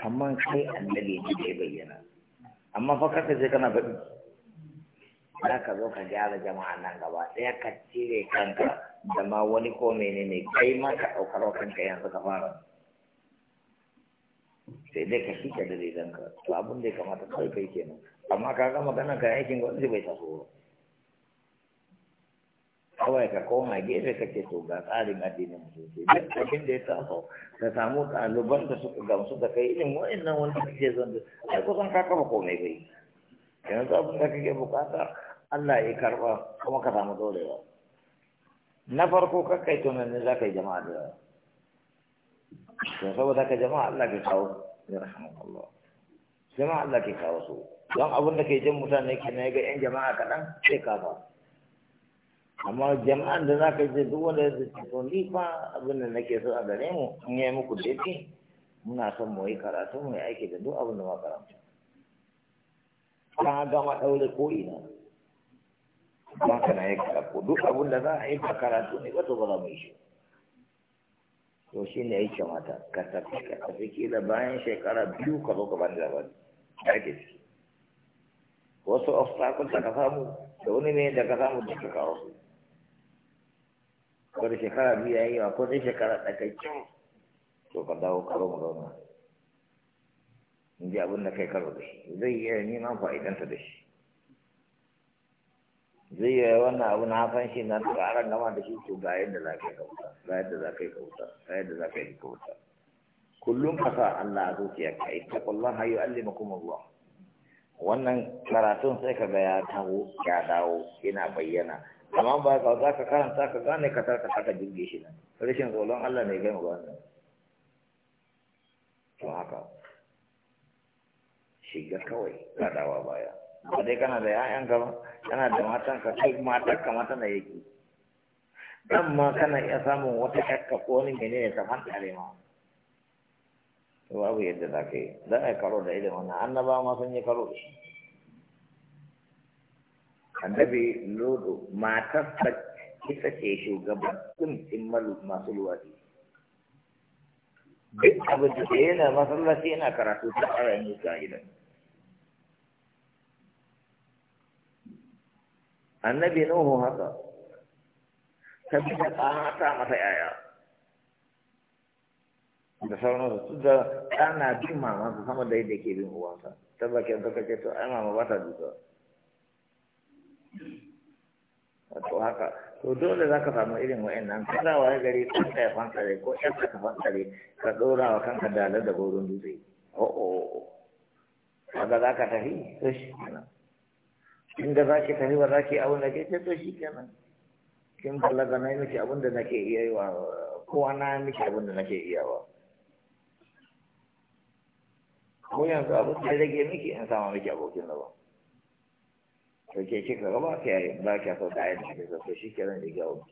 kamar kai annabi ne da ya bayyana amma fa kaka sai kana faɗi za ka zo ka gyara jama'a nan gaba ɗaya ka cire kanka da ma wani ko menene kai ma ka ɗaukar wa kanka yanzu ka fara sai dai ka shiga da daidanka to abin da ya kamata kawai kai kenan amma ka ga maganar ka aikin gwamnati bai taso ba kawai ka koma gefe kake to ga tsarin addinin musulunci duk abin da ya taso ka samu ɗaliban da suka gamsu da kai irin wa'annan wanda kake zan da ai kusan ka kama komai kai yanzu abin da kake bukata Allah ya karba kuma ka samu dorewa na farko kakai tunani za ka yi jama'a da yawa don saboda ka jama'a Allah ke kawo ya rahmatullah jama'a Allah ke kawo su don abin da ke jin mutane ke na ga 'yan jama'a kaɗan sai kafa amma jama'an da za ka ce duk wanda ya ce to ni fa abin da nake so a gare mu in yi muku daidai muna son mu yi karatu mu yi aiki da duk abin da ma karanta ka gama ɗaure ko ina ba ka na yi karatu duk abin da za a yi ba karatu ne ba to ba za mu yi shi to shi ne ya yi kamata ka tafi ka tafi kila bayan shekara biyu ka zo ka bani labari da yake ciki wasu obstacles da ka samu da wani ne da ka samu da ka kawo su ko da shekara biyu ya yi wa ko sai shekara tsakaicin to ka dawo karo mu zauna in ji abin da kai karo da shi zai iya neman fa'idanta da shi zai yi wannan abu na hafan shi na tsaron gama da shi to ga yadda za ka yi kauta ga yadda za ka yi kauta ga yadda za ka yi kauta kullum ka sa Allah a zuciya ka ita kullum hayu ma kuma ruwa wannan karatun sai ka ga ya dawo ya dawo yana bayyana amma ba ka za ka karanta ka gane ka tarka ka jirge shi nan rashin tsoron Allah ne gama ba nan to haka shiga kawai kadawa baya ba dai kana da ƴaƴan ka ba kana da matan ka kai mata ka mata na yake dan ma kana iya samun wata kakka ko wani mene ne ta fanta ne ma babu yadda za ka yi karo da ilimin annabawa ma sun yi karo da shi annabi lodo matar ta ita ce shugaban ɗin masu luwaɗi duk abin da yana masallaci yana karatu ta ƙara yin ga idan annabi nuhu haka ta bi da ƙata masa yaya da sauran su da ɗana bin mamansa sama da yadda ke bin uwansa tabbakin suka ce to ai mama ba ta duka to haka to dole za ka samu irin wa'annan kada wa gari ɗan ka ya fantsare ko ɗan ka fantsare ka ɗora wa kanka dalar da goron dutse o'o oh, oh, oh, kaga za ka tafi to shi kenan in ga za ki tafi ba za ki abin da ke to shi kenan kin balaga na yi miki abin da nake iya yi wa kowa na miki abin da nake iya wa ko yanzu abin da rage miki in sama miki abokin da ba to ke shi kaga ba ka yi ba ka so da ayyuka da so shi ke nan da gawo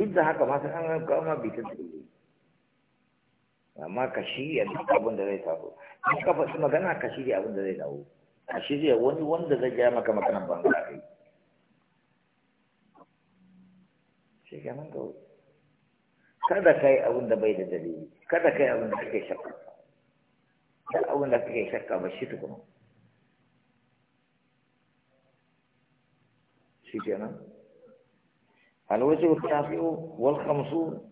duk da haka masu an ga ma bi ta amma ka ya duk abin da zai taso in ka faɗi magana ka shirya abin da zai dawo ka shirya wani wanda zai gaya maka ban banza kai shi ke nan kawai kada ka yi abin da bai da dalili kada ka yi abin da kake shakka duk abin da kake shakka ba shi tukuna shi kenan alwaje ta fi wal khamsu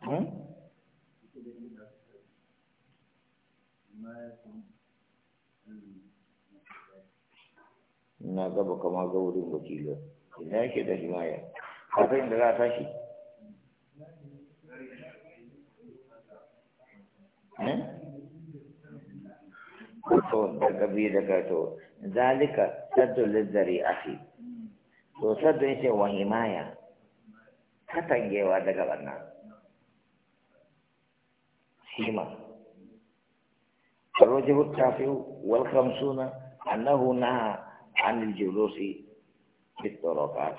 hmm? na gaba kama ga wurin wakilin idan yake da himaya kafin da za a tashi Eh? to daga biyu daga to zalika saddu lizzari afi to saddu ya ce katangewa daga wannan shima الوجه التاسع والخمسون أنه نهى عن الجلوس في الطرقات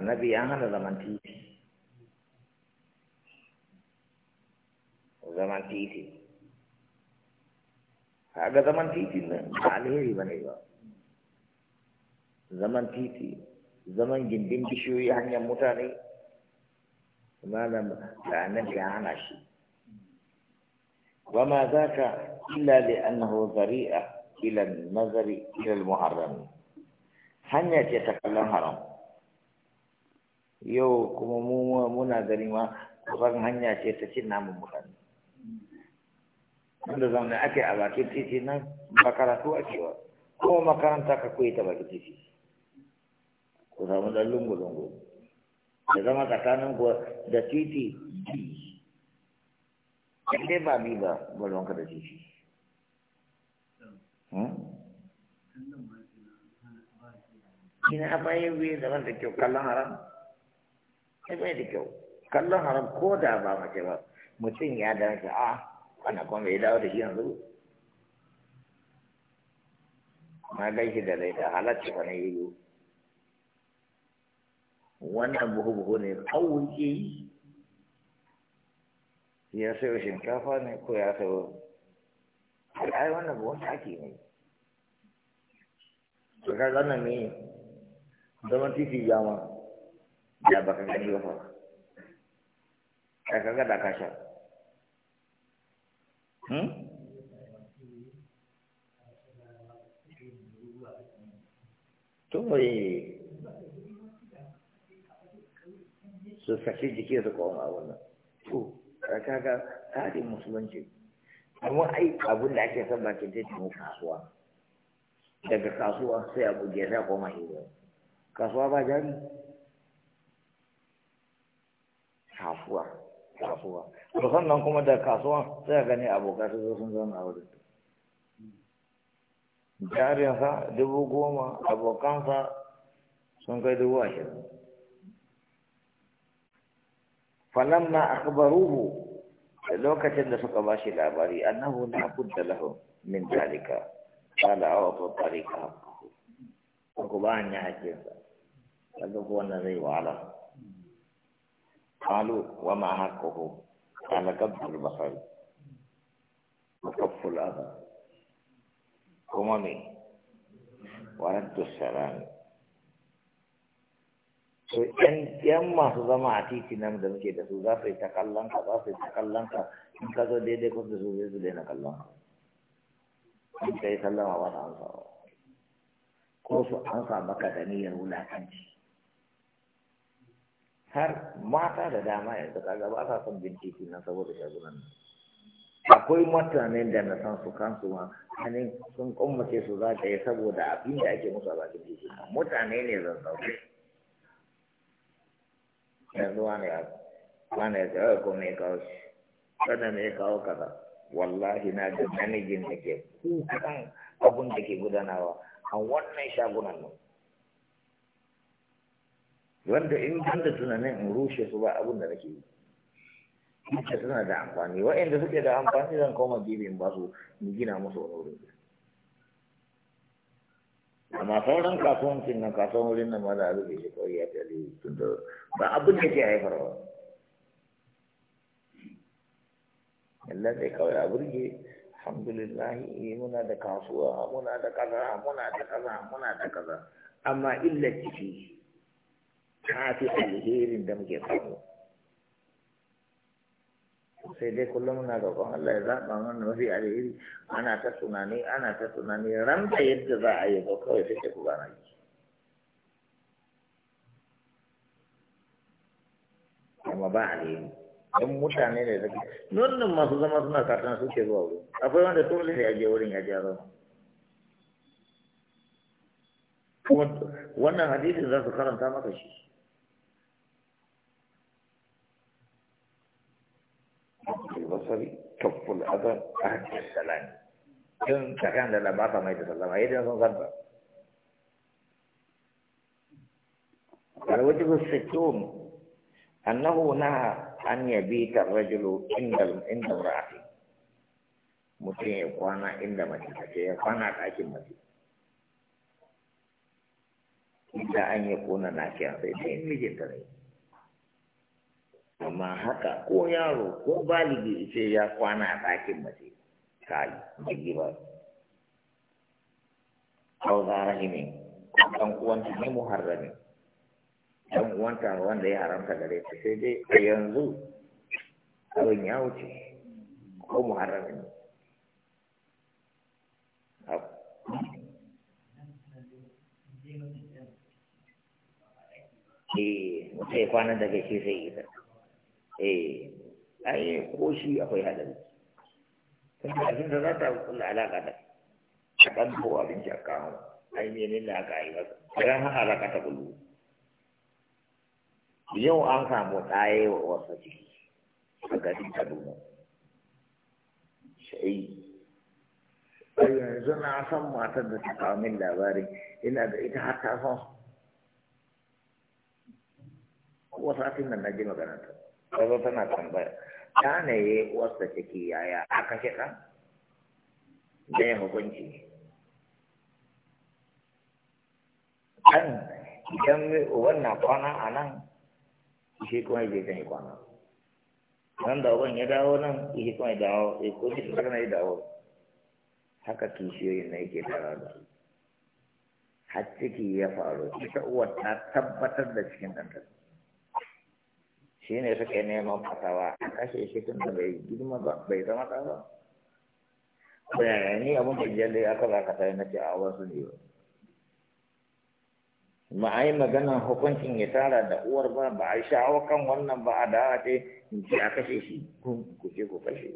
النبي أهل لمن تيجي zaman titi ba alheri ba ne ba zaman titi zaman gindin bishiyoyi hanyar mutane malam da annabi ya hana shi وما ذاك إلا لأنه ذريئة إلى النظر إلى المحرم hanya ce ta kallon haram yau kuma muna gani ma kusan hanya ce ta cin naman mutane lokacin da zaune ake a bakin titi nan ba karatu ake ba ko makaranta ka koyi ta bakin titi ku samu dan lungu-lungu da zama tsakanin ku da titi dai ba bi ba balon ka da titi Kina hmm? a bayan bai zaman da kyau kallon haram? Ai bai da kyau. Kallon haram ko da ba mace ba mutum ya dace a ah, wannan kuma mai dawo da shi yanzu na gan shi da laida halatta wani na yi wannan buhu-buhu ne kawai ke yi ya wa shinkafa ne ko ya wa ai wannan ta ke ne to ka gana ne zaman titi jama da baka gani ba fa ka kaga da ka Hmm? to yi su saki jiki su koma wannan to kaga tsarin musulunci amma ai abin da ake son bakin titin kasuwa daga kasuwa sai abu ya sa koma hira kasuwa ba jari kasuwa kasuwa to sannan kuma da kasuwan sai gani abokan su zo sun zauna a wurin jarinsa dubu goma abokansa sun kai dubu ashirin Falam falamma akbaruhu lokacin da suka ba shi labari annahu na kudda lahu min dalika qala aw fa tariqa haqqahu ko ba an ya hakkinsa kaga ko wannan zai wahala qalu wa ma haqqahu على قبض البصر وكف الأذى هممي ورد السلام to yan yan masu zama a titi nan da muke da su za su yi ta kallon ka za su yi kallon ka in ka zo daidai kun da su zai su daina kallon ka sallama ko su amsa da niyyar wulakanci har mata da dama yanzu kaga ba sa son bincike na saboda shagunan akwai mutanen da na san su kansu ma hannun sun kummace su za ta yi saboda abin da ake musu a bakin titi mutane ne zan zaune yanzu wani ya wani ya tsaye ko mai kawo shi kada mai kawo kaza wallahi na ga namijin da ke kukan abin da ke gudanawa a wannan shagunan nan wanda in ban da tunanin in rushe su ba abin da nake yi duka suna da amfani wa'anda suke da amfani zan koma gibin ba su gina musu wani wurin amma sauran kasuwancin nan kasuwan wurin nan ma da rufe shi kawai ya tare tun da ba abin da ke haifarwa Allah zai kawai a burge alhamdulillah eh, muna da kasuwa muna da kaza muna da kaza muna da kaza amma illa ciki ta fi alherin da muke samu sai dai kullum muna roƙon Allah ya zaɓa mana mafi alheri ana ta tunani ana ta tunani ranta yadda za a yi ba kawai sai ta gudana ki amma ba alheri don mutane ne da nonnan masu zama suna satan suke zuwa wuri akwai wanda dole sai ya je wurin ya je zama wannan hadisin za su karanta maka shi sosari kaful ada ahli salam dan takkan dalam bapa mai a ayat yang sangat besar kalau itu sesuatu anahu naha an yabit rajul indal indal rahim mungkin ya kuana indah mati saja ya kuana kaki mati tidak hanya kuana nasihat ini jenis amma haka ko yaro ko baligi ce ya kwana a ɗakin mace kai jigi ba hau zarahimin ɗan uwanta ne muharramin ɗan uwanta wanda ya haramta gare ta sai dai a yanzu abin ya wuce ko muharramin ne Eh, mutai kwanan daga shi sai ita. eh ai ko shi akwai hadari kuma a da za ta kula alaka da a kan ko abin ka kawo ai ne ne da aka yi ba ran ha alaka ta kullu yau an samu tsaye wa wasu ciki a garin Kaduna sai yanzu na san matar da ta kawo min labari ina da ita har ta san wasu nan na ji maganarta kaga tana tambaya ta ne ya uwarsa ciki yaya a kashe ɗan da ya hukunci ɗan idan uban na kwana a nan shi kuma ya je kwana nan da uban ya dawo nan shi kuma ya dawo ya kuma shi kuma ya dawo haka kishiyoyin na yake tara da har ciki ya faru ita uwar ta tabbatar da cikin ɗan shi ne suke neman fatawa a kashe shi tun da bai girma ba bai zama ɗan ba bayanai ni abin da jalle aka ba ka sai na ce a wasu ne ba ba a yi magana hukuncin ya tara da uwar ba ba a yi sha'awar kan wannan ba a dawa ce in ce a kashe shi ku ce ku kashe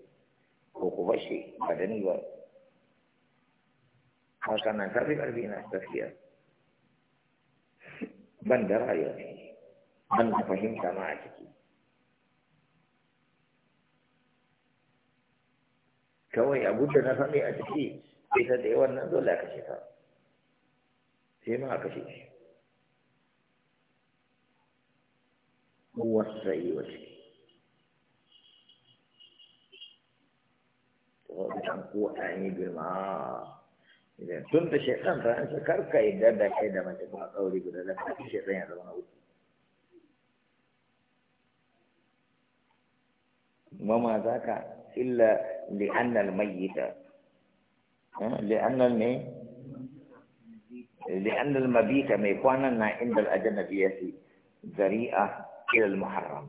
ko ku bashe ba da ni ba haka nan ta fi ƙarfi na tafiya ban da rayuwa an da fahimta ma a ciki kawai abu da na sani a ciki sai ta ɗaya wannan dole aka kashe ta sai ma a kashe shi wasa yi wasu wajen ko an yi girma idan tun da ta an shekar ka idan da kai da mace a ɗauri guda da kai shekar ya zama na wuce. وما ذاك إلا لأن الميت لأن المي لأن المبيت ميقوانا عند الأجنبية ذريئة إلى المحرم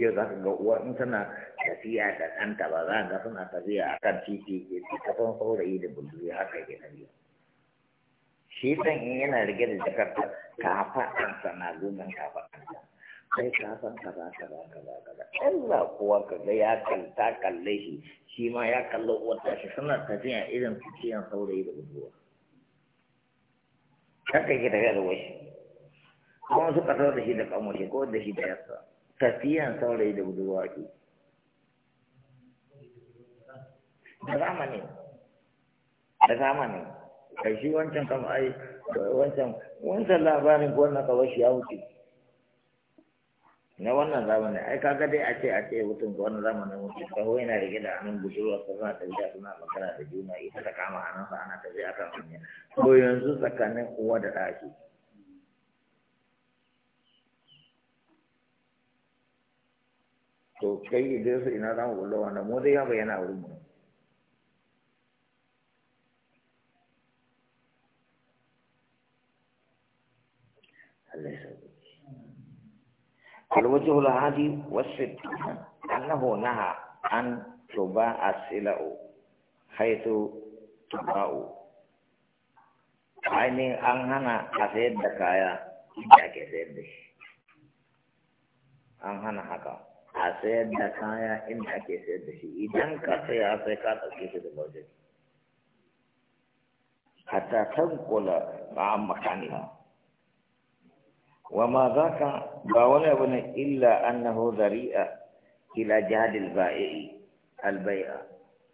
yau za ka ga uwa in tana tafiya da ɗanta ba za ga suna tafiya a kan titi ke kafin saurayi da bulduri haka ke nan shi ɗan in yana rike da jakarta kafaɗansa na gomen kafaɗansa Sai ka san kaza kaza kaza kaza Allah kuwa ga ya kanta kalle shi shi ma ya kalli uwarta shi suna tafiya irin tafiyan saurayi da budurwa kaka ke tafiya da wasu kuma suka tafiya da shi da kamoshi ko da shi da yasa tafiyan saurayi da budurwa ke da zamani da zamani kai shi wancan kama ai wancan wancan labarin ko na kawai shi ya wuce na wannan zamanin ai kaga dai a ce a ce mutum ga wannan zamanin mutum ka kaho na rike da hannun budurwa ta suna tafiya suna magana da juna ita ta kama hannunsa ana tafiya a kan hanya ko yanzu tsakanin uwa da ɗaki to kai idan su ina za mu kullo wannan mu dai ya bayyana a wurin mu Allah ya الوجه العادي والستون أنه نهى أن تباع السلع حيث تباع ainihin an hana a sayar da kaya inda ake sayar da shi an hana haka a sayar da kaya inda ake sayar da shi idan ka saya sai ka ɗauke shi da wajen hatta tankula ba an makaniya Wa ba وما ذاك باولا بن إلا أنه ila إلى ba'i البائع البيع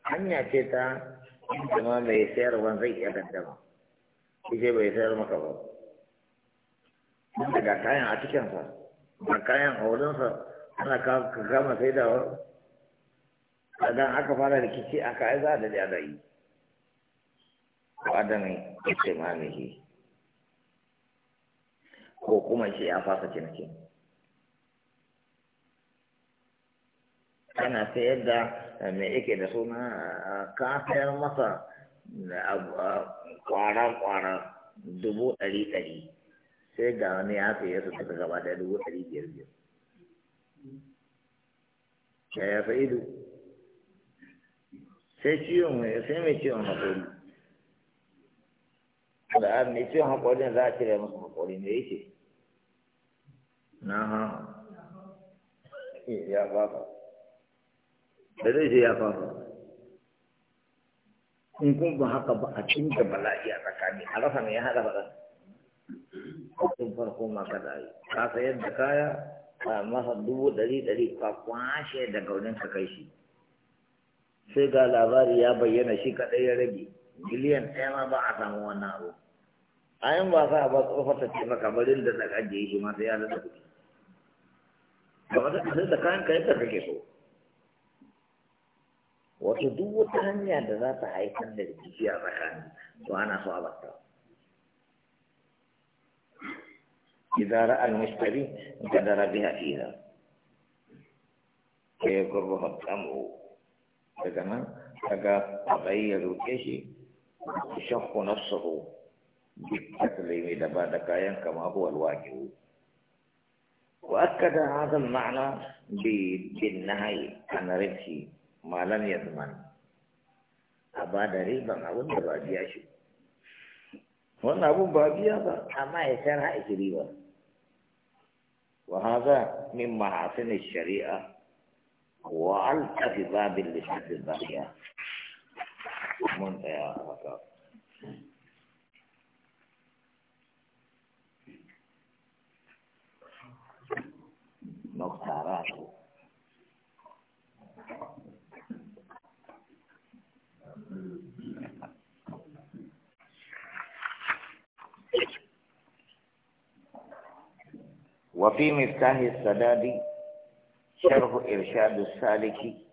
hanya ce ta ma mai sayarwa zai iya gaddama ce bai sayar maka ba daga kayan a cikinsa da kayan a wurinsa ana ka gama sai da idan aka fara rikici aka aiza da da yi wa adamai istimamihi ko kuma shi ya fasa ciniki ana sayar da eh, mai yake da suna eh, ka sayar masa kwara-kwara eh, dubu ɗari ɗari sai ga wani ya saye su daga gaba da dubu ɗari biyar biyar ya fa ido sai ciwon sai mai ciwon haƙori da mai ciwon haƙorin za a cire masa haƙori ne yake na eh, ya fafa da zai ce ya fafa in kun ba haka ba a cinta bala'i a tsakani a rasa ya haɗa faɗa kun farko ma ka da yi ka sayar da kaya a masa dubu ɗari ɗari ka kwashe da wajen ka kai shi sai ga labari ya bayyana shi kaɗai ya rage miliyan ɗaya ma ba a samu wannan abu a yin ba sa ba tsofar ta ce maka bari da ta ajiye shi ma sai ya da kuɗi ba wata kasar da kayan kayan da kake so wato duk wata hanya da za ta haifar da rikici a tsakani to ana so a batta idza ra'a al-mushtari qadara biha fiha kai kurba tamu daga nan kaga abai ya roke shi shakku nafsuhu بالتسليم إذا بعدك كما هو الواجب وأكد هذا المعنى بالنهي عن ربح ما لم يضمن أبعد ريبا أبن رباجي أشو وأنا أبن بابي هذا أما يسرها إشريبا وهذا من محاسن الشريعة وألقى في باب اللسان الباقية من يا أخاك وفي مفتاح السداد شرح إرشاد السالك